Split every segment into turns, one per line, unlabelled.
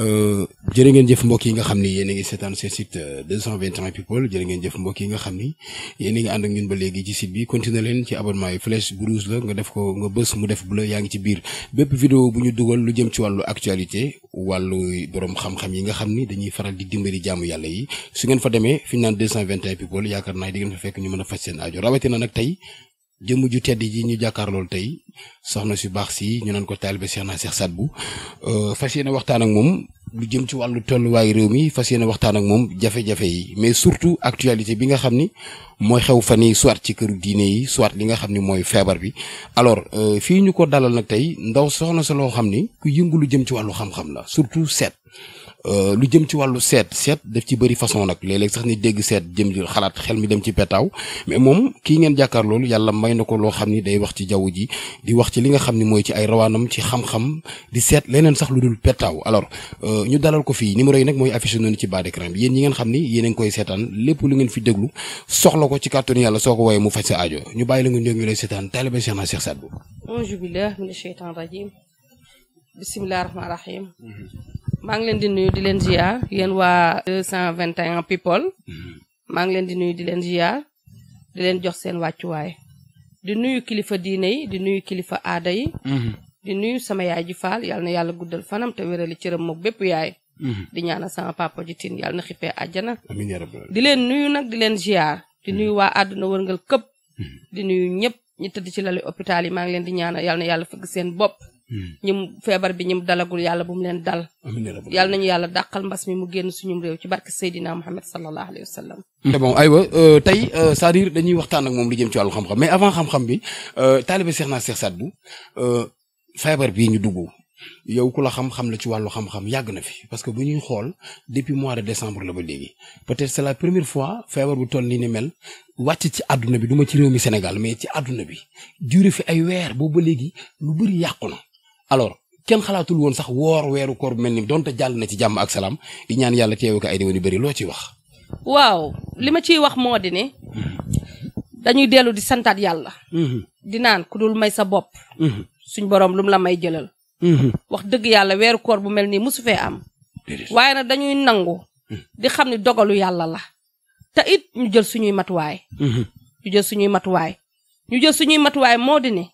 Euh, jërë ngeen jëf mbokk yi nga xam ni yéen a ngi seetaan seen site 221 euh, people jërë ngeen jëf mbokk yi nga xam ni yéen a ngi ànd ak ñun ba léegi ci site bi continuer leen ci abonnement yi flèche bu la nga def ko nga bës mu def bleu yaa ngi ci biir bépp vidéo bu ñu dugal lu jëm ci wàllu actualité wàllu borom xam-xam yi nga xam ni dañuy faral di dimbali jaamu yàlla yi su ngeen fa demee fi naan 221 people yaakaar naa di ngeen fa fekk ñu mën a faj seen aajo rawatina nag tey jëmm ju tedd ji ñu jàkkaarlool tey soxna si baax si ñu naan ko taalibe Cheikh naa Cheikh Sadbou euh, fas yéene waxtaan ak moom lu jëm ci wàllu tolluwaayu réew mi fas yéene waxtaan ak moom jafe-jafe yi mais surtout actualité bi nga xam ni mooy xew fan yi soit ci këru diine yi soit li nga xam ni mooy feebar bi. alors euh, fii ñu ko dalal nag tey ndaw soxna sa loo xam ni ku yëngu lu jëm ci wàllu xam-xam la surtout seet. Euh, lu jëm ci wàllu seet seet daf ci bëri façon nag léeg-léeg sax ni dégg seet jëm ci xalaat xel mi dem ci petaaw mais moom kii ngeen jàkkaar loolu yàlla may na ko loo xam ni day wax ci jaww ji di wax ci li nga xam ni mooy ci ay rawaanam ci xam-xam di seet leneen sax lu dul petaaw alors euh, ñu dalal ko fii numéro yi nag mooy affiché noonu ci bas d'écran bi yéen ñi ngeen xam ni yéen a koy seetaan lépp lu ngeen fi déglu soxla ko ci kàttanu yàlla soo ko
maa ngi leen di nuyu di leen ziar yéen waa 221 people mm-hmm. maa ngi leen di nuyu di leen ziar di leen jox seen wàccuwaay di nuyu kilifa diine yi di nuyu kilifa aada yi. Mm-hmm. di nuyu sama yaay ji faal yal na yàlla guddal fanam te wérali cëram mook bépp yaay. Mm-hmm. di ñaanal sama papa ji tin yàlla na xippee àjjana. di leen nuyu nag di leen ziar di nuyu waa àdduna wërngal këpp. di nuyu ñëpp ñi tëdd ci lali hôpital yi maa ngi leen di ñaanal na yàlla fëgg seen bopp. ñum hmm. feebar bi ñum dalagul yàlla bu mu leen dal yàlla nañu yàlla dàqal mbas mi mu génn suñum réew ci barke Seydina Muhammad sallallahu alayhi wa sallam
bon aywa euh, tey euh, c'est-à-dire dañuy waxtaan ak moom lu jëm ci wàllu xam-xam mais avant xam-xam bi euh, taalibe Seexna Seex Sadbu feebar bii ñu dugg yow ku la ci wàllu xam yàgg na fi parce que bu ñuy xool depuis mois de décembre la ba léegi peut-être c'est la première fois feebar bu toll nii ni mel wàcc ci àdduna bi du ma ci réew mi Sénégal mais ci àdduna bi du fi ay weer boobu ba léegi lu bëri yàqu na alors kenn xalaatul woon sax woor weeru koor bu mel ni donte jàll na ci jàmm ak salaam di ñaan yàlla teewe ko ay déwén yu bëri loo ciy wax.
waaw li ma ciy wax moo di ne. dañuy dellu di santaat yàlla. Mm-hmm. di naan ku dul may sa bopp. Mm-hmm. suñ borom lu mu la may jëlal. Mm-hmm. wax dëgg yàlla weeru koor bu mel nii mosu fee am. waaye nag dañuy nangu. di xam ne dogalu yàlla la. te it ñu jël suñuy matuwaay. ñu jël suñuy matuwaay. moo di ne.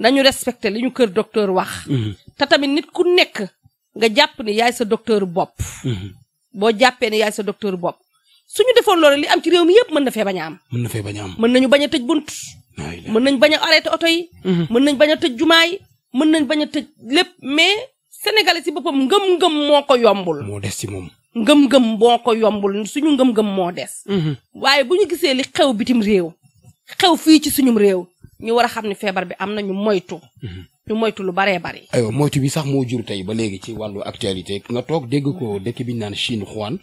nañu respecté li ñu kër docteur wax. Mhm. te tamit nit ku nekk nga jàpp ni yaay sa docteur bopp. Mhm. boo jàppee ni yaay sa docteur bopp suñu defoon loolu li am ci réew mi yëpp mën na fee bañ am. mën na fee am mën nañu bañ a tëj bunt. mën nañ bañ a arrêté oto yi. Mhm. mën nañ bañ a tëj jumaa yi mën nañ bañ a tëj lépp mais senegale si boppam ngëm-ngëm moo ko yombul. moo des ci moom. ngëm-ngëm moo ko yombul suñu ngëm-ngëm moo des. waaye bu ñu gisee li xew bitim réew. xew fii ci suñum réew. ñu war a xam ne feebar bi am na ñu moytu. Mhm. ñu moytu lu baree bari.
moytu bi sax moo jur tey ba léegi ci wàllu actualité nga toog dégg ko mhm. dëkk bi ñu naan Chine Wuhan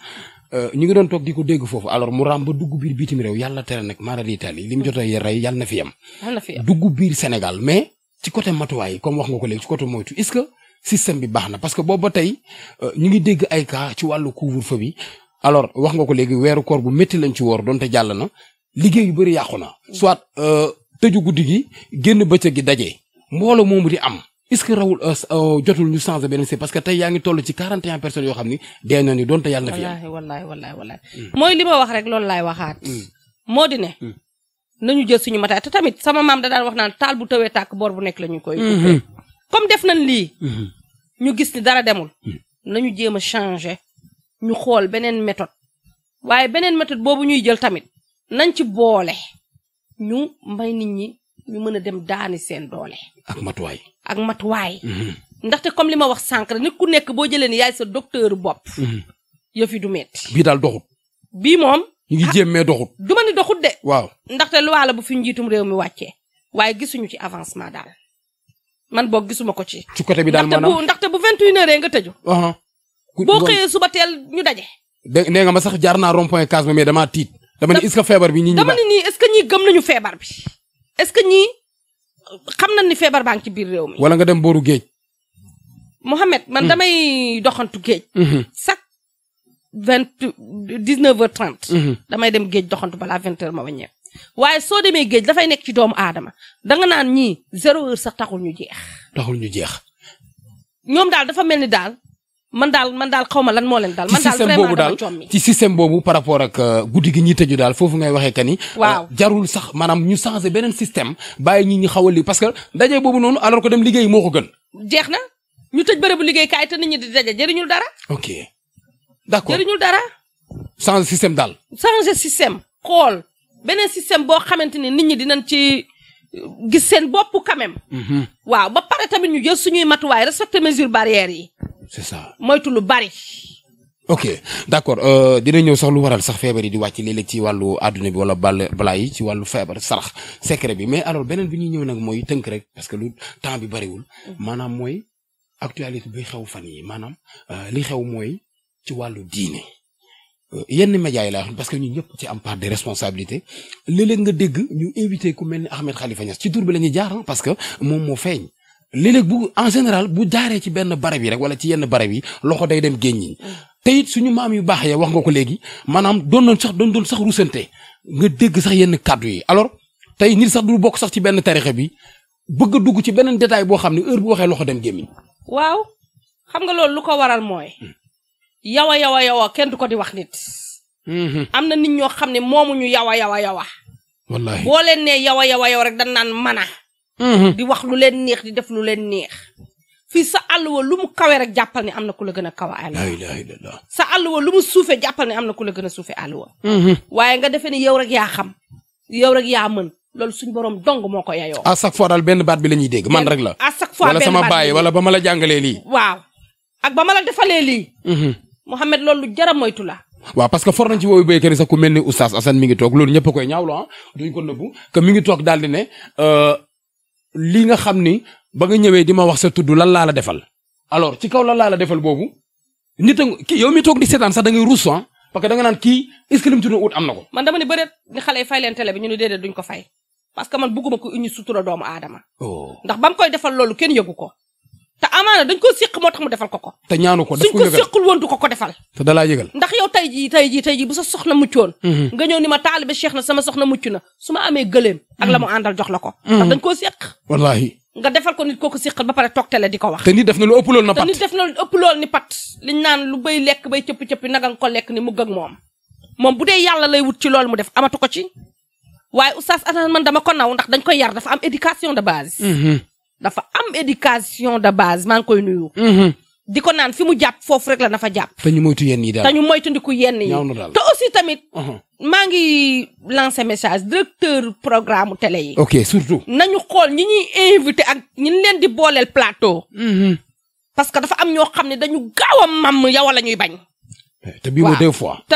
euh, ñu ngi doon toog di ko dégg foofu alors mu raam ba dugg biir bitim réew yàlla tere nag mara di Italie li mu jot a rey yàlla na fi yem. yàlla na fi yem dugg biir Sénégal mais ci côté matuwaay yi comme wax nga ko léegi ci côté moytu est que système bi baax na parce que boobu ba tey euh, ñu ngi dégg ay cas ci wàllu couvre-feu bi alors wax nga ko léegi weeru koor bu métti lañ ci woor donte jàll na liggéey yu bëri yàqu na soit euh, tëju guddi gi génn bëccëg gi daje mbooloo moomu di am est-ce que rawul euh, euh, jotul ñu changé beneen si parce que tey yaa ngi toll ci 41 personnes yoo xam ni dee nañu doon te yàlla na fi.
wallaahi wallaahi wallaahi hmm. mooy li ma wax rek loolu laay waxaat. Hmm. moo di ne. Hmm. nañu jël suñu mataay te tamit sama maam da daan wax naan taal bu tawee tàkk boor bu nekk la ñu koy. comme def nañ lii. ñu gis ni dara demul. nañu jéem a changé ñu xool beneen méthode waaye beneen méthode boobu ñuy jël tamit nañ ci boole. ñu may nit ñi ñu mën a dem daani seen doole. ak matuwaay. ak matuwaay. Mhm. ndaxte comme li ma wax sànq rek nit ku nekk boo jëlee ni yaay sa docteur bopp. Mhm. yëf yi du metti bii daal doxut. bii moom.
ñu ngi jéem mais doxut.
du ma doxut de. waaw ndaxte lu la bu fi njiitum réew mi wàccee waaye gisuñu ci avancement daal man boog gisuma ko ci. ci côté bi daal maanaam ndaxte bu ndaxte bu 21h nga tëju. Uh-huh. boo xëyee suba teel ñu daje.
de nee nga ma sax jaar naa rond point Casma mais damaa tiit. dama ni est feebar bi ñi dama ni
nii est-ce que ñii feebar bi est-ce que ñii xam nañ ni feebar baa ngi ci biir réew mi.
wala nga dem booru géej.
Mohamed man mm. damay doxantu géej. Mm-hmm. chaque vingt dix neuf heures trente. Mm-hmm. damay dem géej doxantu balaa vingt heures ma wàññeeku. waaye soo demee géej dafay nekk ci doomu aadama danga naan ñii zéro heure sax taxul ñu jeex. taxul ñu jeex. ñoom daal dafa mel ni daal man daal man daal xaw ma lan moo leen daal. man daal vraiment dama commi ci
système boobu par rapport ak euh, guddi gi ñuy tëju daal foofu ngay waxee que ni. Euh, waaw jarul sax maanaam ñu changé beneen système bàyyi ñi ñu xawal li parce que daje boobu noonu alors que dem liggéey moo ko gën.
jeex na ñu tëj bërëbu liggéeykaay te nit ñi di daje jëriñul dara. ok d'accord jëriñul dara.
changé système daal.
changé système xool beneen système boo xamante ni nit ñi dina ci. Euh, gis seen bopp quand même. Mhm. waaw ba pare tamit ñu jël suñuy matuwaay respecté mesures barrières yi. c'est ça moytu lu bari. ok
d'accord euh, dina ñëw sax lu waral sax feebar yi di wàcc léeg-léeg ci wàllu àdduna bi wala bal balaa yi ci wàllu feebar sarax secret bi mais alors beneen bi ñuy ñëw nag mooy tënk rek parce que lu temps bi bariwul. Mm-hmm. maanaam mooy actualité buy xew fan yi maanaam euh, li xew mooy ci wàllu diine. Euh, yenn médias yi laa wax parce que ñun ñëpp ci am part de responsabilité léeg nga dégg ñu invité ku mel ni Ahmed Khalifa Niass ci tur bi la ñuy jaar parce que moom moo feeñ. léeg-léeg bu en général bu jaaree ci benn barab yi rek wala ci yenn barab yi loxo day dem génñiñ mm. te it suñu maam yu baax ya wax nga ko léegi maanaam doon doon sax doon doon sax rusante nga dégg sax yenn kàddu yi alors tey nit sax du bokk sax ci benn tarixa bi bëgg dugg ci beneen détail boo xam ne heure bu waxee loxo dem gémmiñ
waaw xam nga loolu lu ko waral mooy mm. yawa yawa yawa kenn du ko di wax nit mm-hmm. am na nit ñoo xam ne moomuñu yawa yawa yawa wallaahi boo yawa Mm-hmm. di wax lu leen neex di def lu leen neex. fii sa àll wa lu mu kawee rek jàppal ne am na ku la gën a kaw àll wa sa àll wa lu mu suufee jàppal ne am na ku la gën a suufee àll mm-hmm. waaye nga defee ne yow rek yaa xam yow rek yaa mën loolu suñu borom dong moo ko yayoo
à benn baat bi la ñuy dégg man rek la à chaque fois wala sama baay wala ba ma la jàngalee lii
waaw ak ba ma la defalee lii mm-hmm. Mouhamed loolu lu jara moytu la
waaw parce que for nañ ci woowu béykat yi ku mel ni oustaz Assane mi ngi toog loolu ñëpp a koy ñaawlu ah duñ ko nëbbu que mi ngi toog daal di ne euh, lii nga xam ni ba nga ñëwee di ma wax sa tudd lan laa la defal alors ci kaw lan laa la defal boobu nit a kii yow mi toog di seetaan sax da ngay ruus ah, parce que nga naan kii est-ce que ut am na ko.
man dama ne bëreet ni xale yi fay leen télé bi ñu ne déedéet duñ ko fay parce que man bugguma ko uñu sutura doomu aadama. Oh. ndax bam koy defal loolu kenn yëgu ko. te amaana dañ ko séq moo tax mu defal ko ko. te ñaanu ko daf ko yëgal ko séqul woon du ko te dalaa tey jii jii tey jii bu sa soxna muccoon. Mhm. nga ñëw ni ma taalibe Cheikh na sama soxna mucc na su ma amee gëleem. ak la mu mhm. àndal jox la ko. Mhm. ndax dañ koo séq. wallaahi. nga defal ko nit kooku séqal ba pare toog tele di ko wax. te nit na lu ëpp lool na pat te nit def na lu ëpp naan lu bay lekk bay cëpp cëppi naga nga ko lekk ni mu gëg moom. moom bu dee yàlla lay wut ci loolu mu def amatu ko ci waaye oustaz Assane man dama ko naw ndax dañ koy yar dafa am éducation de base dafa am éducation de base maa ngi koy nuyu. Mhm. di ko naan fi mu jàpp foofu rek la na fa jàpp.
te ñu moytu yenn yi daal te ñu
moytandiku yenn yi. te aussi tamit. Mhm. maa ngi lancé message directeur programme tele yi.
ok surtout.
ñu xool ñi ñuy invité ak ñi leen di booleel plateau. Mhm. parce que dafa am ñoo xam ne dañu gaaw a mam yow la ñuy bañ.
Eh, te bii mooy deux fois.
te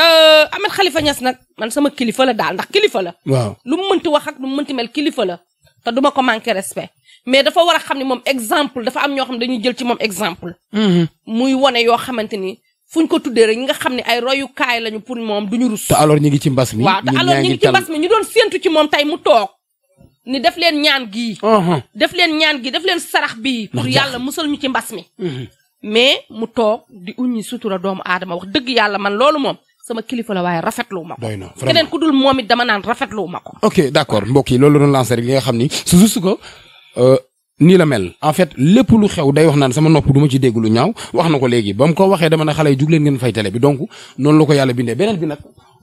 Ahmed Khalifa Niass nag man sama kilifa la daal ndax kilifa la. waaw lu mu mënti wax ak lu mu mënti mel kilifa la. te duma ko manqué respect mais dafa war a xam ne moom exemple dafa am ñoo xam ne dañuy jël ci moom exemple. Mhm. muy wone yoo xamante ni fuñ ko tuddee rek ñi nga xam ne ay royukaay lañu pour moom duñu rus. te
alors ngi ci mbas mi. waaw te alors ñi
ngi doon séentu ci moom tey mu toog. ni def leen ñaan gii. Uh-huh. def leen ñaan gii def leen sarax bii. pour yàlla musal ñu ci mbas mi. Mhm. mais mu toog di uññi sutura doomu aadama wax dëgg yàlla man loolu moom. sama kilifa la waaye rafetlu ma ko. doy na moom it naan rafetlu ma ko.
ok d' accord mbokk yi loolu la doon lancé rek li nga xam ni su juste que euh, nii la mel en fait lépp lu xew day wax naan sama nopp duma ci dégg lu ñaaw wax na ko léegi ba mu ko waxee dama ne xale yi jug leen ngeen fay télé bi donc noonu la ko yàlla bindee beneen bi nag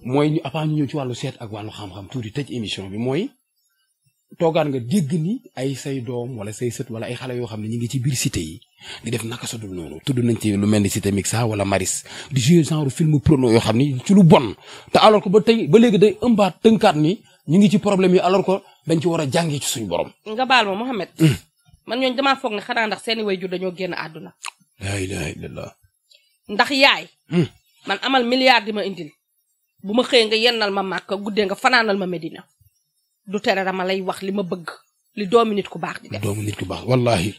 mooy ñu avant ñu ñëw ci wàllu seet ak wàllu xam-xam tuuti tëj émission bi mooy toogaan nga dégg ni ay say doom wala say sët wala ay xale yoo xam ne ñu ngi ci biir cité yi di def naka sudul noonu tudd nañ ci lu mel ni cité Mixa wala Maris di jouer genre film yoo xam ni ci lu bon te alors que ba tey ba léegi day ëmbaat tënkaat ni ñu ngi ci problème yi alors que dañ ci war a jàngee ci suñu borom.
nga baal ma Mouhamed. Hmm. man ñooñu damaa foog ne xanaa ndax seeni jur dañoo génn àdduna.
laa ilaaha illallah.
ndax yaay. Hmm. man amal milliard di ma indil bu ma xëyee nga yennal ma màkk guddee nga fanaanal ma Medina. du tere dama lay wax li ma bëgg li doomi nit ku baax di def. doomi nit ku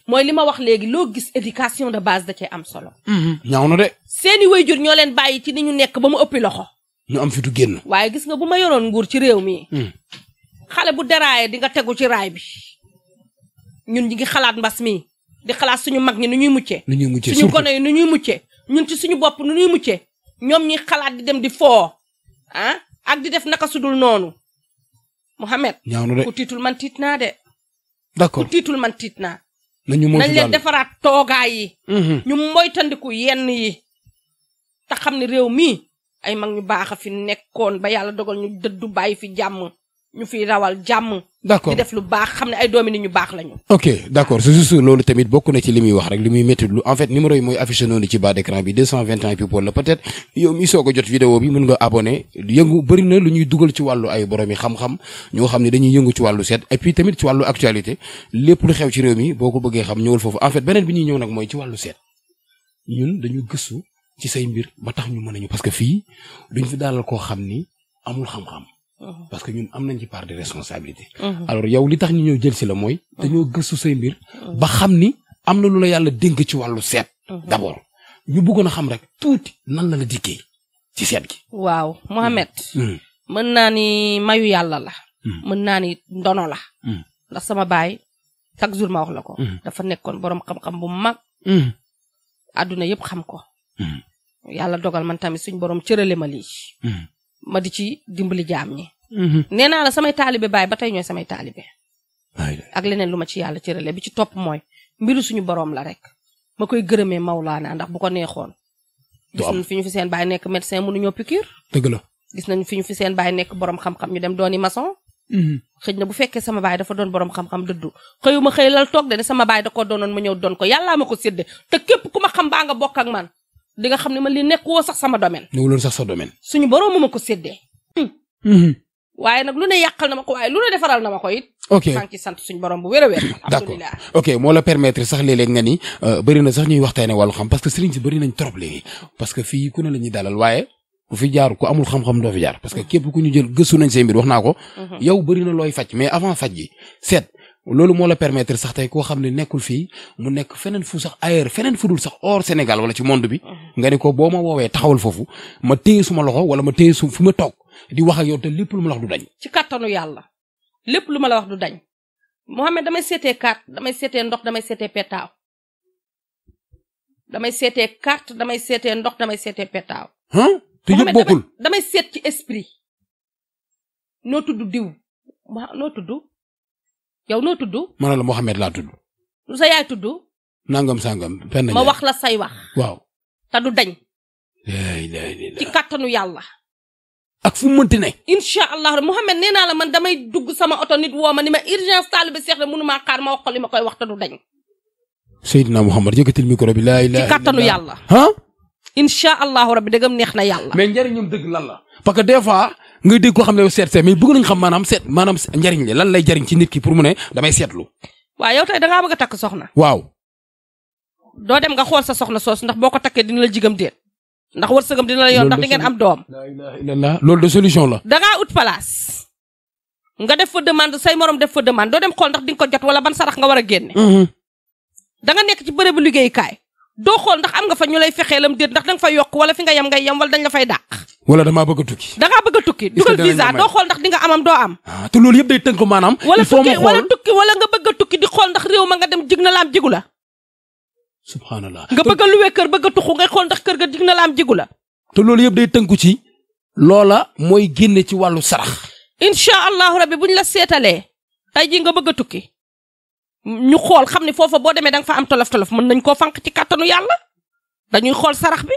mooy li ma wax léegi loo gis éducation de base da cee am solo.
Mm-hmm. ñaaw na de.
seeni waajur ñoo leen bàyyi ci ni ñu nekk ba mu ëppi loxo.
ñu am fi du génn.
waaye gis nga bu ma yoroon nguur ci réew mi. Mm. bu deraayee di nga tegu ci raay bi ñun ñi xalaat mbas mi di xalaat suñu mag ñi nu ñuy muccee. nu ñuy muccee suñu gone yi nu ñuy muccee ñun ci suñu bopp nu ñuy muccee ñoom ñi xalaat di dem di foo ah ak di def naka sudul noonu Mouhamed. ñaaw ku tiitul man tiit naa de. d'accord ku tiitul man tiit naa. nañ leen defaraat toogaa yi. Mm-hmm. ñu moytandiku yenn yi. te xam ne réew mii ay mag ñu baax a fi nekkoon ba yàlla dogal ñu dëddu bàyyi fi jàmm. ñu fi rawal jàmm. d'accord di def lu baax xam ne ay doomi nit ñu baax lañu.
ok d'accord c'est juste loolu tamit bokk na ci li muy wax rek li muy métti lu en fait numéro yi mooy affiché noonu ci bas d'écran bi 221 people la peut-être yow mi soog a jot vidéo bi mën nga abonné yëngu bëri lu ñuy dugal ci wàllu ay borom yi xam-xam ñoo xam ne dañuy yëngu ci wàllu seet et puis tamit ci wàllu actualité lépp lu xew ci réew mi boo ko bëggee xam ñëwal foofu en fait beneen bi ñuy ñëw nag mooy ci dañu gëstu ci say mbir ba tax ñu mën a ñu parce que fii duñ fi daalal koo xam ni amul xam-xam Mhm. parce que ñun am nañ ci part de responsabilité. Mhm. alors yow li tax ñu ñëw jël si la mooy. dañoo mhm. gësu say mbir. ba xam ni am na lu la yàlla dénk ci wàllu seet. d'abord ñu buggoon a xam rek tuuti nan la la dikkee ci seet gi.
waaw Mohamed. Mm. mën naa ni mayu yàlla la. Mm. mën naa ni ndono la. Mm. ndax sama baay chaque jour ma wax la ko. dafa nekkoon borom xam-xam bu mag. àdduna yëpp xam ko. yàlla dogal man tamit suñ borom cërale ma lii. ma di ci dimbali jaam ñi. Mm-hmm. nee naa la samay taalibe baay ba tey ñooy samay taalibe. ak leneen lu ma ci yàlla ci cërale bi ci topp mooy mbiru suñu boroom la rek ma koy gërëmee Mawlaana ndax bu ko neexoon. gis nañ fi ñu fi seen baay nekk médecin mënuñoo piqûre. dëgg gis nañ fi ñu fi seen baay nekk borom xam-xam ñu dem doon dooni maçon. Mm-hmm. xëj na bu fekkee sama baay dafa doon borom xam-xam dëddu xëyuma xëy lal toog de ne sama baay da koo doonoon ma ñëw doon ko yàllaa ma ko sédde te képp ku ma xam baa nga bokk ak man di nga xam ne man li nekk woo sax sama domaine. newuloon sax sa domaine. suñu borom ma ma ko mm-hmm. waaye nag lu ne yàqal na ma ko waaye lu ne defaral na ma ko it. ok maa suñu borom bu wér a wér.
moo la permettre sax léeg-léeg nga ni euh, bëri na sax ñuy waxtaanee wàllu xam parce que sëriñ si bëri nañ trop léegi parce que fii ku ne la ñuy dalal waaye ku fi jaar ku amul xam-xam doo fi jaar parce que mm-hmm. képp ku ñu jël gëstu nañ seen mbir wax naa ko. Mm-hmm. yow bëri looy faj mais avant faj gi seet loolu moo la permettre sax tey koo xam ne nekkul fii mu nekk feneen fu sax ailleurs feneen fu dul sax hors Sénégal wala ci monde bi nga ni ko boo ma woowee taxawal foofu ma téye suma loxo wala ma téye su fi ma toog di wax ak lépp lu ma la wax du
dañ. yàlla lépp lu ma la wax du dañ Mouhamed damay seetee carte damay seetee ndox damay seetee petaaw damay seetee carte damay seetee ndox damay seetee petaaw. damay seet ci esprit noo diw ma noo tudd. yow noo tudd.
ma ne la Mouhamed laa tudd. lu sa yaay tudd. nangam sangam fenn. ma wax la say wax. waaw te du dañ. ci
kàttanu yàlla. ak fu mu mënti ne. incha allah Mouhamed nee naa la man damay dugg sama oto nit woo ma ni ma urgence taalibe Seex la mënu xaar ma wax ko li ma koy wax te du dañ.
Seydina Mouhamed yëkkatil micro bi. laa ilaaha ci yàlla. mais
njëriñam dëgg lan la.
parce nga dégg koo xam ne yow seet seet mais bëgg nañ xam maanaam seet maanaam njariñ li lan lay jariñ ci nit ki pour mu ne damay seetlu.
waaw yow tey da ngaa bëgg a takk soxna. waaw. doo dem nga xool sa soxna soosu ndax boo ko takkee dina la jigam déet ndax wërsëgam dina la yoon ndax di am doom.
loolu de solution la.
da ut place. nga def fa demande say moroom def fa demande doo dem xool ndax di ko jot wala ban sarax nga war a génne. Mhm. da nga nekk ci bërëbu liggéeyukaay doo xool ndax am nga fa ñulay lay fexeelam déet ndax danga fa yokk wala fi nga yem ngay yem wala dañ la fay dàq.
wala dama bëgg a tukki. da ngaa
bëgg a tukki dugal visa doo xool ndax di nga amam doo am.
Ah, te loolu yëpp day tënk
maanaam. il faut ma xool wala tukki wala nga bëgg tukki di xool ndax réew ma nga dem jig na la am jigu la. nga bëgg a luwee kër bëgg a tuxu ngay xool ndax kër ga jig na la jigu la. te loolu yëpp day
tënku ci. loola mooy génne ci wàllu sarax.
incha allahu rabbi buñ la seetalee tey jii nga bëgg a tukki ñu xool xam ne foofa boo demee danga fa am tolof tolof mën nañ koo fànq ci kàttanu yàlla dañuy xool sarax bi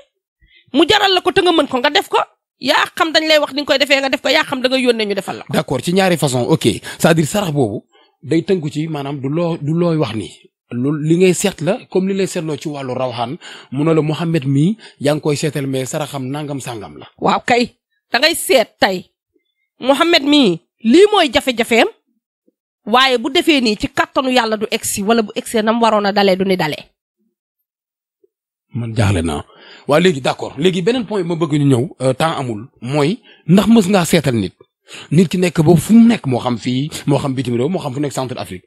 mu jaral la ko te nga mën ko nga def ko. yaa xam dañ lay wax ni koy defee nga def ko yaa xam da nga defal la.
d' accord ci ñaari ok c'est-à-dire boobu day tënku ci maanaam du loo du looy wax nii loolu li ngay seet la comme li lay seetloo ci wàllu rawxaan mu ne la Mouhamed mii yaa ngi koy seetal mais saraxam nangam sangam
la. waaw kay da ngay seet tey Mouhamed mii lii mooy jafe-jafeem waaye bu defee nii ci kàttanu yàlla du egsi wala bu egsee nam waroon a dalee du ni dalee.
man jaaxle naa waa léegi d'accord léegi beneen point ma bëgg ñu ñëw euh, temps amul mooy ndax mës ngaa seetal nit nit ki nekk ba fu mu nekk moo xam fii moo xam bitim réew moo xam fu nekk centre Afrique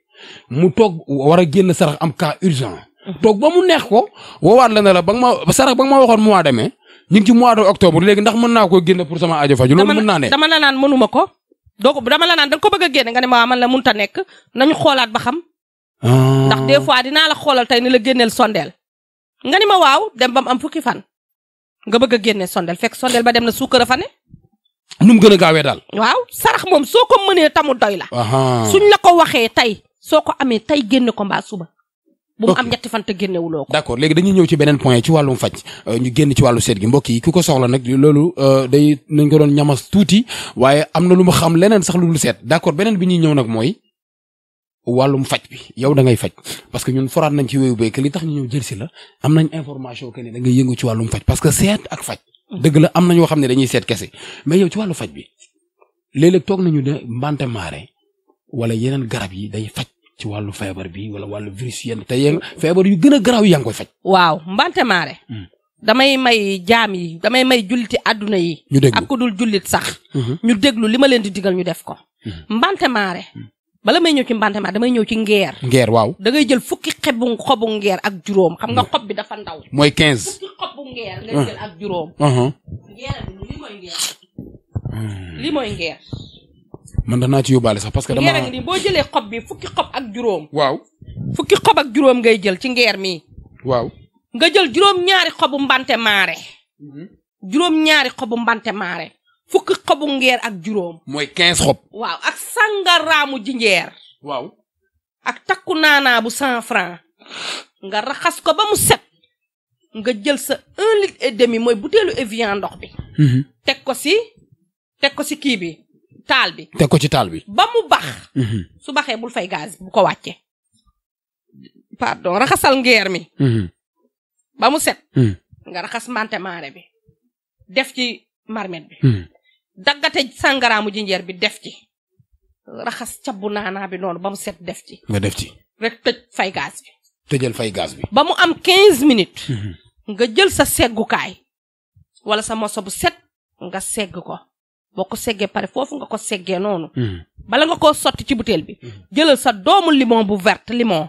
mu toog war a génn sarax am kaa urgent. Mhm. toog ba mu neex ko woowaat la ne la ba nga ma sarax ba nga ma waxoon mois de mai ñu ngi ci mois de octobre léegi ndax mën naa koo génn
doo ko dama la naan da ko bëgg a génne nga ne ma man la mënut a nekk nañu xoolaat ba xam. Ah. ndax des fois dinaa la xoolal tey ni la génneel sondeel. nga ni ma waaw dem ba mu am fukki fan nga bëgg a génne sondeel fekk sondeel ba dem na suukar a fa ne.
nu mu gën a gaawee daal.
waaw sarax moom soo ko mënee tamu doy la. suñ la ko waxee tey soo ko amee tey génne ko mbaa suba. bu mu am ñetti fan te génnewuloo
ko. d'accord léegi dañuy ñëw ci beneen point ci wàllum faj euh, ñu génn ci wàllu seet gi mbokk yi ku ko soxla nag loolu euh, day nañ ko doon ñamas tuuti waaye am na lu ma xam leneen sax lu dul seet d'accord beneen bi ñuy ñëw nag mooy wàllum faj bi yow da ngay faj parce que ñun foraat nañ ci wéyu béykat li tax ñu ñëw jël si la am nañ information que ne da yëngu ci wàllum faj parce que seet ak faj. dëgg la am na ñoo xam ne dañuy seet kese mais yow ci wàllu faj bi léeg toog nañu ne mbante maare wala yeneen garab yi day faj ci wàllu feebar bi wala wàllu virus yenn te feebar yu gën a garaaw yaa
ngi faj. waaw mbante maare. Hmm. damay may jaam yi damay may julliti àdduna yi. ñu déglu ak ku dul jullit sax. Hmm. ñu déglu li ma leen di diggal ñu def ko. Hmm. mbante maare. bala may ñëw ci mbante maare damay ñëw ci ngeer. ngeer waaw da ngay jël fukki xebu xobu ngeer ak juróom xam nga xob bi dafa ndaw. mooy quinze fukki xobu ngeer. nga jël ak juróom. Uh-huh. ngeer li ngeer.
man danaa ci yóbbaale sax parce que dama ngeer boo
jëlee xob bi fukki xob ak juróom. waaw fukki xob ak juróom ngay jël ci ngeer mi. waaw nga jël juróom ñaari xobu mbante maare. Mhm. juróom ñaari xobu mbante maare. fukki xobu ngeer ak juróom.
mooy quinze xob.
waaw ak sangaraamu jinjeer. waaw ak takku naanaa bu cent franc. nga raxas ko ba mu set. nga jël sa un litre demi mooy butéelu Evian ndox bi. Mhm. teg ko si teg ko si kii bi. taal bi. teg ko ci taal bi. ba mu bax. Mhm. su baxee bul fay gaz bu ko wàcce pardon raxasal ngeer mi. Mhm. ba mu set. Mhm. nga raxas mante maare bi. def ci marmet bi. daggate sangaraamu jinjeer bi def ci. raxas cabbu naanaa bi noonu ba mu set def ci. nga def ci. rek tëj fay gaz bi.
tëjal fay gaz bi.
ba mu am 15 minutes. nga jël sa seggukaay. wala sa moso bu set nga segg ko. boo ko seggee pare foofu nga ko seggee noonu. Hmm. bala nga koo sotti ci butéel bi. Hmm. jëlal sa doomu limon bu verte limon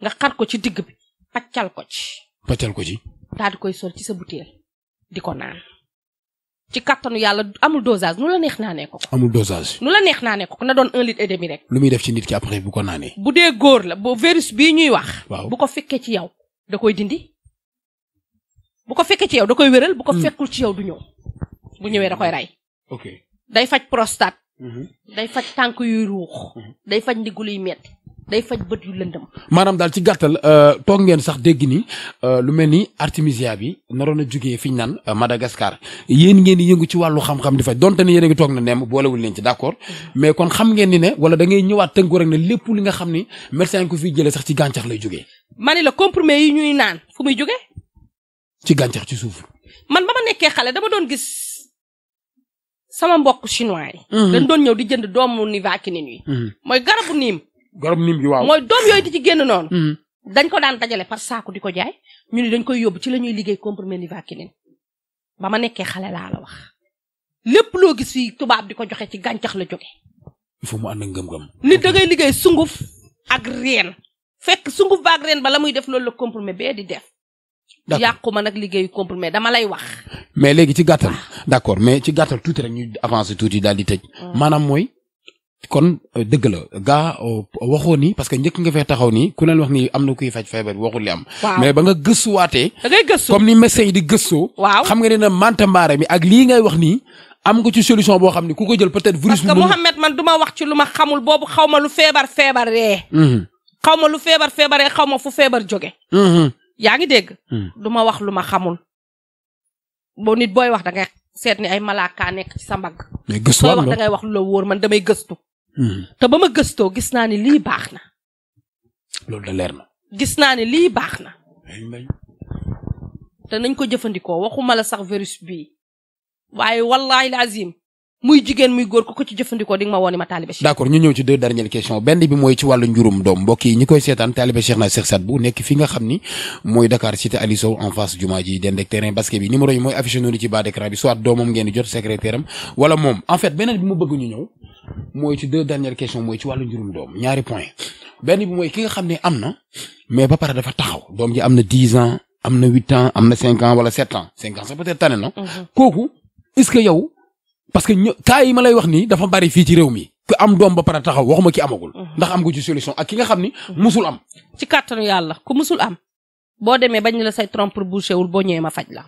nga xar ko ci digg bi paccal ko ci. paccal ko ci. daal koy sol ci sa butéel di ko naan. ci kattanu yàlla amul dosage nu la neex naanee ko.
amul dosage.
nu la neex naanee ko na doon un litre et rek.
lu muy def ci nit ki après bu ko naanee.
bu dee góor la bu virus bii ñuy wax. waaw bu ko fekkee ci yow da koy dindi. bu ko fekkee ci yow da koy wéral bu ko hmm. fekkul ci yow du ñëw bu ñëwee da koy rey. ok day faj prostate. Mm-hmm. day faj tànk yuy ruux. Mm-hmm. day faj ndiggu luy metti day faj bët yu lëndëm.
maanaam daal ci gàttal euh, toog ngeen sax dégg ni euh, lu mel ni artemisia bi naroon a jugee fi ñu naan euh, Madagascar yéen ngeen di yëngu ci wàllu xam-xam di faj donte ne yéen a ngi toog na neem boolewul neen ci d'accord mm-hmm. mais kon xam ngeen ni ne wala da ngay ñëwaat tënku rek ne lépp li nga xam ni médecin yi ko fiy jëlee sax ci gàncax lay jugee.
ma ne la comprimé yi ñuy naan fu muy jugee.
gàncax ci suuf.
sama mbokk chinois yi. Mhm. doon ñëw di jënd doomu ni vaccinin yi. Mhm. mooy garabu niim. garabu niim bi waaw mooy doom yooyu di ci génn noonu. Mhm. dañ ko daan dajale par saako di ko jaay ñu ni dañ koy yóbbu ci la ñuy liggéey comprimé ni vaccinin ba ma nekkee xale laa la wax lépp loo gis fii tubaab di ko joxe ci gàncax la jóge
il faut mu ànd ak ngëm-ngëm.
nit da ngay liggéey sunguf ak reen fekk sunguf ba ak reen ba la muy def loolu la comprimé bee di def yàqu ma nag liggéeyu comprimé dama lay wax.
mais léegi ci gàttal. d' mais ci gàttal tuuti rek ñu avancé tuuti daal di tëj. Mm. maanaam mooy. kon euh, dëgg la gaa euh, waxoo ni parce que njëkk nga fee taxaw nii ku leen wax nii am na kuy faj feebar waxul li am. mais ba nga gëstuwaatee. da comme ni médecin yi di gëstoo. waaw xam nga ne na manta mbaare mi ak lii ngay wax nii. am nga ci solution boo xam ne ku ko jël peut-être. virus bi parce
que man du wax ci lu ma xamul boobu xaw ma lu feebar feebaree. Mm-hmm. xaw ma lu feebar feebaree xaw ma fu feebar jóge. Mm-hmm. yaa ngi dégg. Hmm. du ma wax lu ma xamul. boo nit booy wax da seet ni ay malaakaa nekk ci sa mbagg. booy wax da ngay wax lu la wóor man damay gëstu. Hmm. te ba ma gëstoo gis naa ni lii baax na. loolu da leer na. gis naa ni lii baax na. te nañ ko jëfandikoo waxuma la sax virus bi waaye wallaahi la azim muy jigéen muy góor ku ko ci jëfandikoo di nga ma woon ma taalibe Cheikh. d' accord
ñu ñëw ci deux dernières questions benn bi mooy ci wàllu njurum doom mbokk na Cheikh Sadbou ñu ñëw mooy ci deux dernières questions mooy ci wàllu njurum doom ñaari point benn bi mooy ki nga xam ne am na mais ba pare dafa taxaw doom ji am na dix ans am na huit ans am na cinq ans wala sept ans cinq ans sax peut tane na mm-hmm. kooku est que yow parce que ñu cas yi ma lay wax nii dafa bari fii ci réew mi. ku am doom ba pare taxaw waxuma ki
amagul. Mhm. ndax am ko ci solution ak ki nga xam ni mhm. musul am. ci kàttanu yàlla ku musul am boo demee bañ la say trompe bouché wul boo ñëwee ma faj la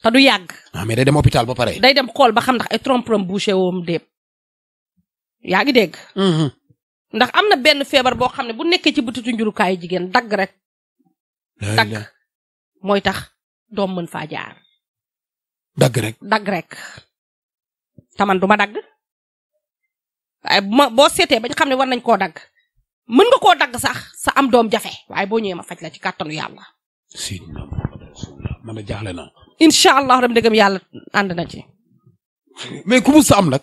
te du yàgg.
ah mais ba pare. day
dem xool ba xam ndax ay trompe bouché woom déet yaa ngi dégg. Mhm. am na benn feebar boo xam ne bu nekkee ci butitu njurukaayu jigéen dagg rek. dagg mooy tax doom mën faa jaar. dagg rek. taman du ma dagg waaye bu ma boo seetee bañ xam ne war nañ koo dagg mën nga koo dagg sax sa am doom jafe waaye boo ñëwee ma faj la ci kàttanu yàlla. sidna
Muhammad rasulullah man a
incha allah rabbi dëggam yàlla ànd na ci.
mais ku musta am nag.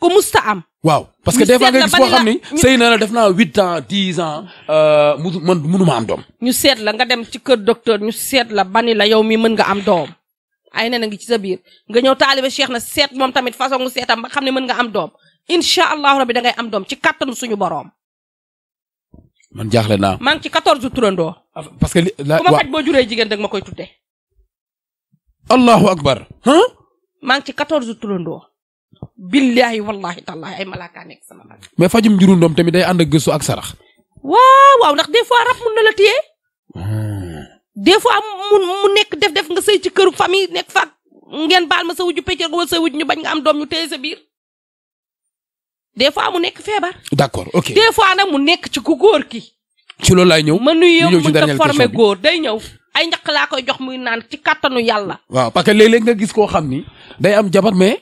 ku musta am. waaw parce que des fois nga koo xam ni sëy na la def naa huit ans dix ans euh, mu man mënuma am doom.
ñu seet la nga dem ci kër docteur ñu seet la bani la yow mii mën nga am doom. ay nen a ngi ci sa biir nga ñëw taalibe cheikh na seet moom tamit façon mu seetam ba xam ne mën nga am doom incha allahu rabi da ngay am doom ci kattanu suñu boroom.
man jaaxle naa.
maa ngi ci 14 turandoo.
parce que li ma faj boo
juree jigéen dag ma koy tudde
allahu akbar.
maa ngi ci 14 turandoo. billahi wallahi tallahi ay malaaka nekk sama
mais fajum juru doom tamit day ànd ak gëstu ak sarax.
waaw waaw ndax des fois rab mun des fois mu nekk def def nga sëy ci këru famille nekk faak ngeen baal ma sa wujju péccër wala sa wujju ñu bañ nga am doom ñu téye sa biir des fois mu nekk feebar. d'accord ok des nag mu nekk ci ku góor ki.
si loolu laay ñëw. mën nuy yow mën a formé góor
day ñëw. ay ñaq laa koy jox muy naan ci kàttanu yàlla.
waaw parce que léeg nga gis koo xam ni day am jabar me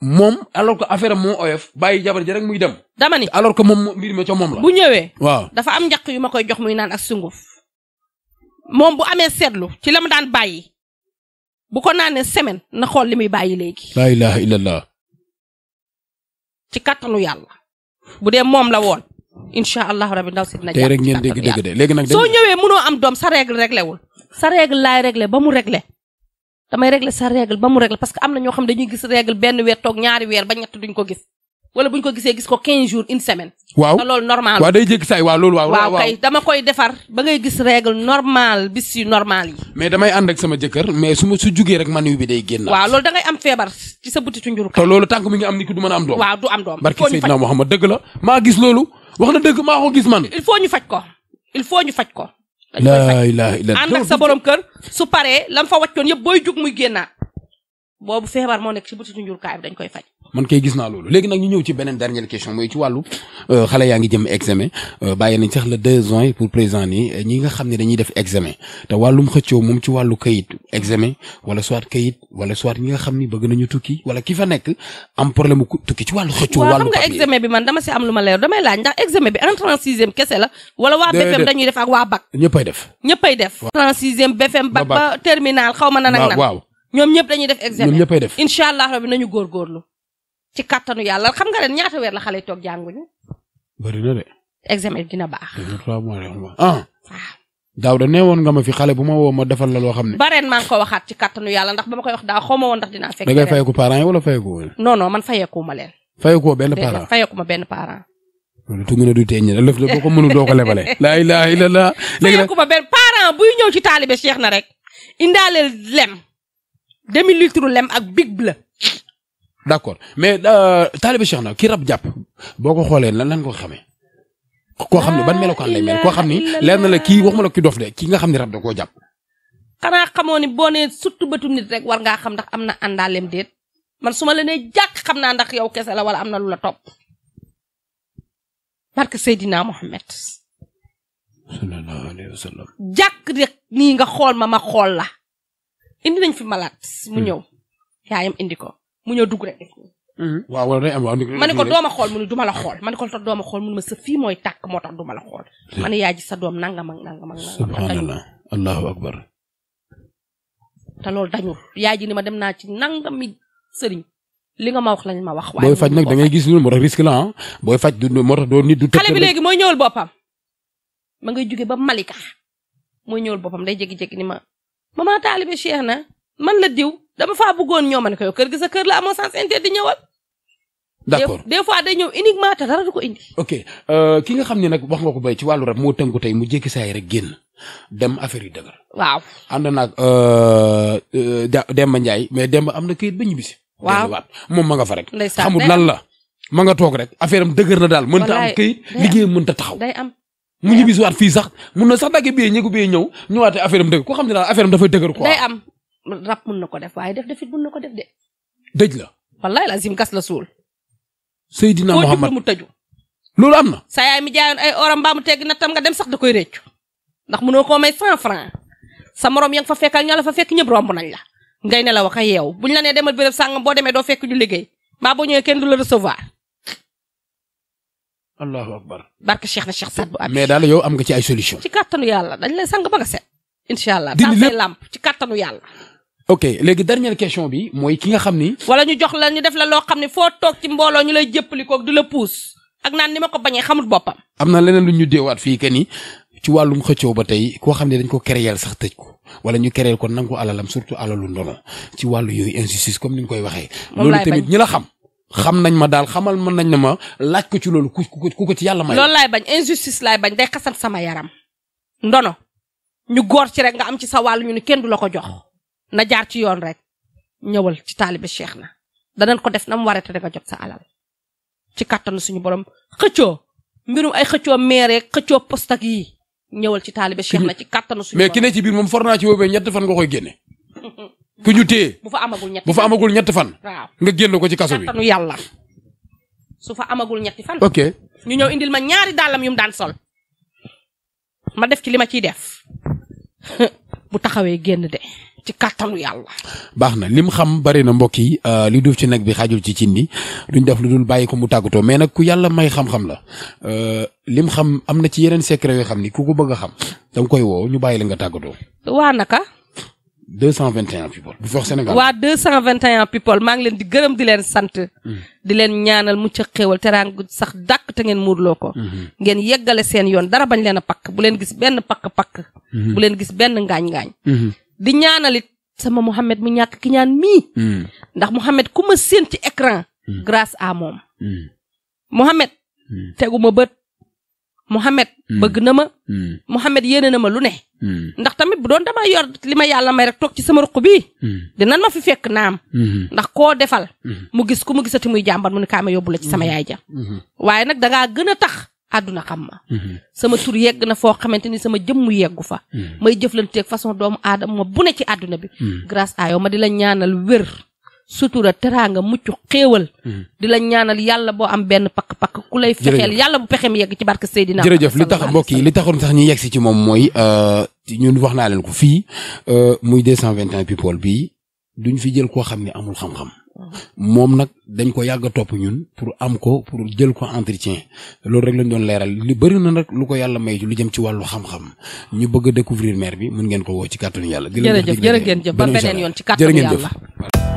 moom
alors que affaire moom moo oyof bàyyi jabar ji rek muy dem. dama ni alors que moom mbir mi ca moom bu ñëwee. waaw dafa am ñaq yu ma koy jox muy naan ak sunguf. moom bu amee seetlu ci la mu daan bàyyi bu ko naanee semaine na xool li muy bàyyi léegi.
laa ilaha illallah.
ci kattanu yàlla. bu dee moom la woon. incha allah rabi ndaw si dina. tey rek ngeen
dégg dégg de léegi nag. soo
ñëwee mënoo am doom sa règle réglé wul. sa règle laay réglé ba mu réglé. damay réglé sa règle ba mu réglé parce am na ñoo xam dañuy gis règle benn weer toog ñaari weer ba ñett duñ ko gis. wala bu ñu ko gisee gis ko 15 jours une semaine. waaw loolu normal waaw day
jékki saay waaw loolu waaw. kay
dama koy defar ba ngay gis règle normal bis yu normal yi.
mais damay ànd ak sama jëkkër mais su ma su jugee rek manu bi day génn. waaw loolu
da am feebar sa butitu njurukaay. te loolu tànk
mi ngi am ni ku du am doom. waaw du am la
maa gis loolu wax na dëgg maa ko gis man. ñu faj ko il faut ñu faj ko.
laa ilaaha illallaah ànd
sa borom kër su paree lam fa wàccoon yëpp booy jug muy génnaat boobu feebar moo nekk ci butitu njurukaay bi dañ koy faj
man kay gis naa loolu léegi nag ñu ñëw ci beneen dernière question mooy ci wàllu euh, xale yaa ngi jëm examen euh, bàyyi nañ sax le deux juin pour présent nii euh, ñi nga xam ne dañuy def examen te wàllum xëccoo moom ci wàllu kayit examen wala soit kayit wala soit ñi nga xam ni bëgg nañu tukki wala ki fa nekk am problème ku tukki ci wàllu xëccoo. wàllu xam nga examen
bi man dama si am lu ma leer damay laaj ndax examen bi entrée en sixième kese la. wala waa BFM dañuy def ak waa def ñëppay def. entrée en sixième BFM BAC xaw ma nan ak nan ñoom ñëpp dañuy def examen ñoom def incha allah rabbi nañu góorgóorlu ci kàttanu yàlla xam nga ren ñaata weer la xale toog jànguñu. bëri na de. examen dina baax.
trois mois ah. daaw da nee woon nga ma fi xale bu ma woo ma defal la loo xam ne.
ba ren maa ngi ko waxaat ci kàttanu yàlla ndax ba ma koy wax daaw xaw ma ndax dinaa. fekk ren da ngay fayeku
parents yi wala fayeku woon.
non non man fayeku ma leen. benn parent
loolu tu ngeen a du teeñ la lëf la boo ko mënul doo ko lebalee. laa ilaaha illallah. léegi nag
fayeku ma benn parent buy ñëw ci taalibe Cheikh na rek. indaale lem
d' accord mais euh, taaliba Cheikh na ki rab jàpp boo ko xoolee lan lan ko xamee. koo xam ne ban melokaan lay mel koo xam ni leer na la kii waxuma la ki dof de ki nga xam ne da koo jàpp.
xanaa xamoo ni boo nee surtout bëtu nit rek war ngaa xam ndax am na àndaaleem déet man su ma la xam naa ndax yow kese la wala am na lu la topp. barke Seydina Mohamed.
sallallahu alayhi wa sallam.
jàkk xool ma ma xool la. indi nañ fi malaat mu hmm. ñëw yaayam indi ko. mu ñëw dugg rek.
Mm-hmm. waaw wala day ma
xool mu xool ma ne sa mooy tàkk moo tax duma la xool. ma ne yaa ji sa doom nangam ak nangam ak nangam. subhanallah allahu akbar. te loolu dañul yaa ji ni ma dem naa ci nangami sëriñ li nga ma lañ ma wax. booy faj
nag da gis loolu moo ah. booy faj du moo doo nit du. xale bi léegi
mooy ñëwal boppam. ma ngay jóge ba Malika mooy ñëwal boppam day jékki-jékki ni ma maman taalibe Cheikh na man la diw. dama faa bëggoon ñoo ma ne kër gi sa kër la amoo sens interdit di ñëwal. d'accord des fois day ñëw uniquement te dara du ko indi.
ok euh, ki nga xam ne nag wax nga ko bay ci wàllu rab moo tënku tey mu jékki saa rek génn dem affaire yi dëgër. waaw ànd naag euh, euh, Demba Ndiaye mais Demba am na këyit ba ñibbisi. waaw moom ma nga fa rek. xamul lan la ma nga toog rek affaire am dëgër na daal. mënta am këyit liggéeyam mënta taxaw day am. mu ñibbisiwaat fii sax mun na sax dagge bee ñeegu bee ñëw ñëwaatee affaire am dëgër koo xam ne daal affaire am dafay dëgër quoi. day
am rab mun na ko def waaye def defit mun na ko def de. dëj la. wallaay lazim gas la suul.
Seydina Muhammad
mu tëju. loolu am na. sa yaay mi jaayoon ay oram mbaa mu tegg na tam nga dem sax da koy réccu ndax munoo koo may cent franc sa morom ya fa fekk ak ña la fekk ñëpp romb nañ la. ngay ne la wax ak yow buñ la nee demal béréb sàngam boo demee doo fekk ñu liggéey mbaa boo ñëwee kenn du la recevoir. allahu akbar. barke Cheikh na Cheikh Saad bu amee. mais
daal yow am nga ci ay solution.
ci kàttanu yàlla dañ lay sang ok léegi dernière question bi mooy ki nga xam ni. wala ñu jox la ñu def la loo xam ne foo toog ci mbooloo ñu lay jëppalikoo di la puus ak naan ni ma ko bañee xamul boppam.
am na leneen lu ñu déewaat fii que ni ci wàllum xëccoo ba tey koo xam ne dañ ko créer sax tëj ko wala ñu créer ko nangu alalam surtout alalu ndono ci wàllu yooyu injustice comme ni ñu koy waxee. loolu tamit ñi la xam. xam nañ ma daal xamal mën nañ ne ma laaj ko ci loolu ku ku ci yàlla may. loolu laay
bañ injustice laay bañ day xasal sama yaram. ndono ñu góor ci rek nga am ci sa wàll ñu ne kenn du la ko jox na jaar ci yoon rek ñëwal ci taalibe Cheikh na danañ ko def na mu waree te nga jot sa alal ci kàttanu suñu borom xëccoo mbirum ay xëccoo meere xëccoo post ak yii ñëwal ci taalibe Cheikh na ci kàttanu suñu mais ki ne ci
biir moom for naa ci woowee ñett fan nga koy génne. ku ñu téye
bu fa amagul ñett bu
amagul ñett fan. nga génn ko ci kaso bi kàttanu
yàlla. su fa amagul ñetti fan. ñu ñëw indil ma ñaari dàllam yu mu daan sol. ma def ci li ma ciy def bu taxawee génn de. ci kàttanu yàlla.
baax na lim xam bari na mbokk yi euh, li duuf ci nag bi xaajul ci cin bi luñ def lu dul bàyyi ko mu tàggatoo mais nag ku yàlla may xam-xam la euh, lim xam am na ci yeneen secret yoo xam ni ku ko bëgg xam da koy woo ñu bàyyi la nga tàggatoo. waa naka. 221 people. bu Fox Sénégal waa
221 people maa ngi leen di gërëm di leen sant. Hmm. di leen ñaanal mucc xéewal teraanga sax dàq te ngeen muurloo ko. Hmm. ngeen yeggale seen yoon dara bañ leen a pakk bu leen gis benn pakk pakk. Hmm. bu leen gis benn ngaañ di ñaanalit sama Mouhamed mu ñàkk ki ñaan mii. Hmm. ndax Mouhamed ku ma séen ci écran. Hmm. grâce à moom. Hmm. Mouhamed. tegu ma bët. Mouhamed bëgg na ma. Mouhamed yeneen na ma lu ne. ndax tamit bu doon dama yor li ma yàlla may rek toog ci sama ruq bii. dinañ ma fi fekk naam. ndax koo defal. mu gis ku mu gisati muy jàmbar mu ne kaa ma yóbbu ci sama yaay ja. waaye nag da ngaa tax. àdduna xam ma mm-hmm. sama tur yegg na foo xamante ni sama jëmm yeggu fa mm-hmm. may jëflanteeg façon doomu aadama bu ne ci àdduna bi mm-hmm. grâce à yow ma di la ñaanal wér sutura teraanga mucc xéewal di la ñaanal yàlla boo am benn pakk-pakk ku lay fexeel yàlla bu pexeem yegg ci barke Seydina jërëjëf li tax mbokk yi
li taxoon sax ñu yegg si ci moom mooy euh, ñun wax naa leen ko fii euh, muy 221 people bi duñ fi jël koo xam ne amul xam-xam moom nag dañ ko yàgg a topp ñun pour am ko pour jël ko entretien loolu rek lañ doon leeral li bëri na nag lu ko yàlla may lu jëm ci wàllu xam-xam ñu bëgg a découvrir maire bi mën ngeen ko woo ci kàttanu yàlla. di leen jëf ba beneen yoon ci kàttanu
yàlla.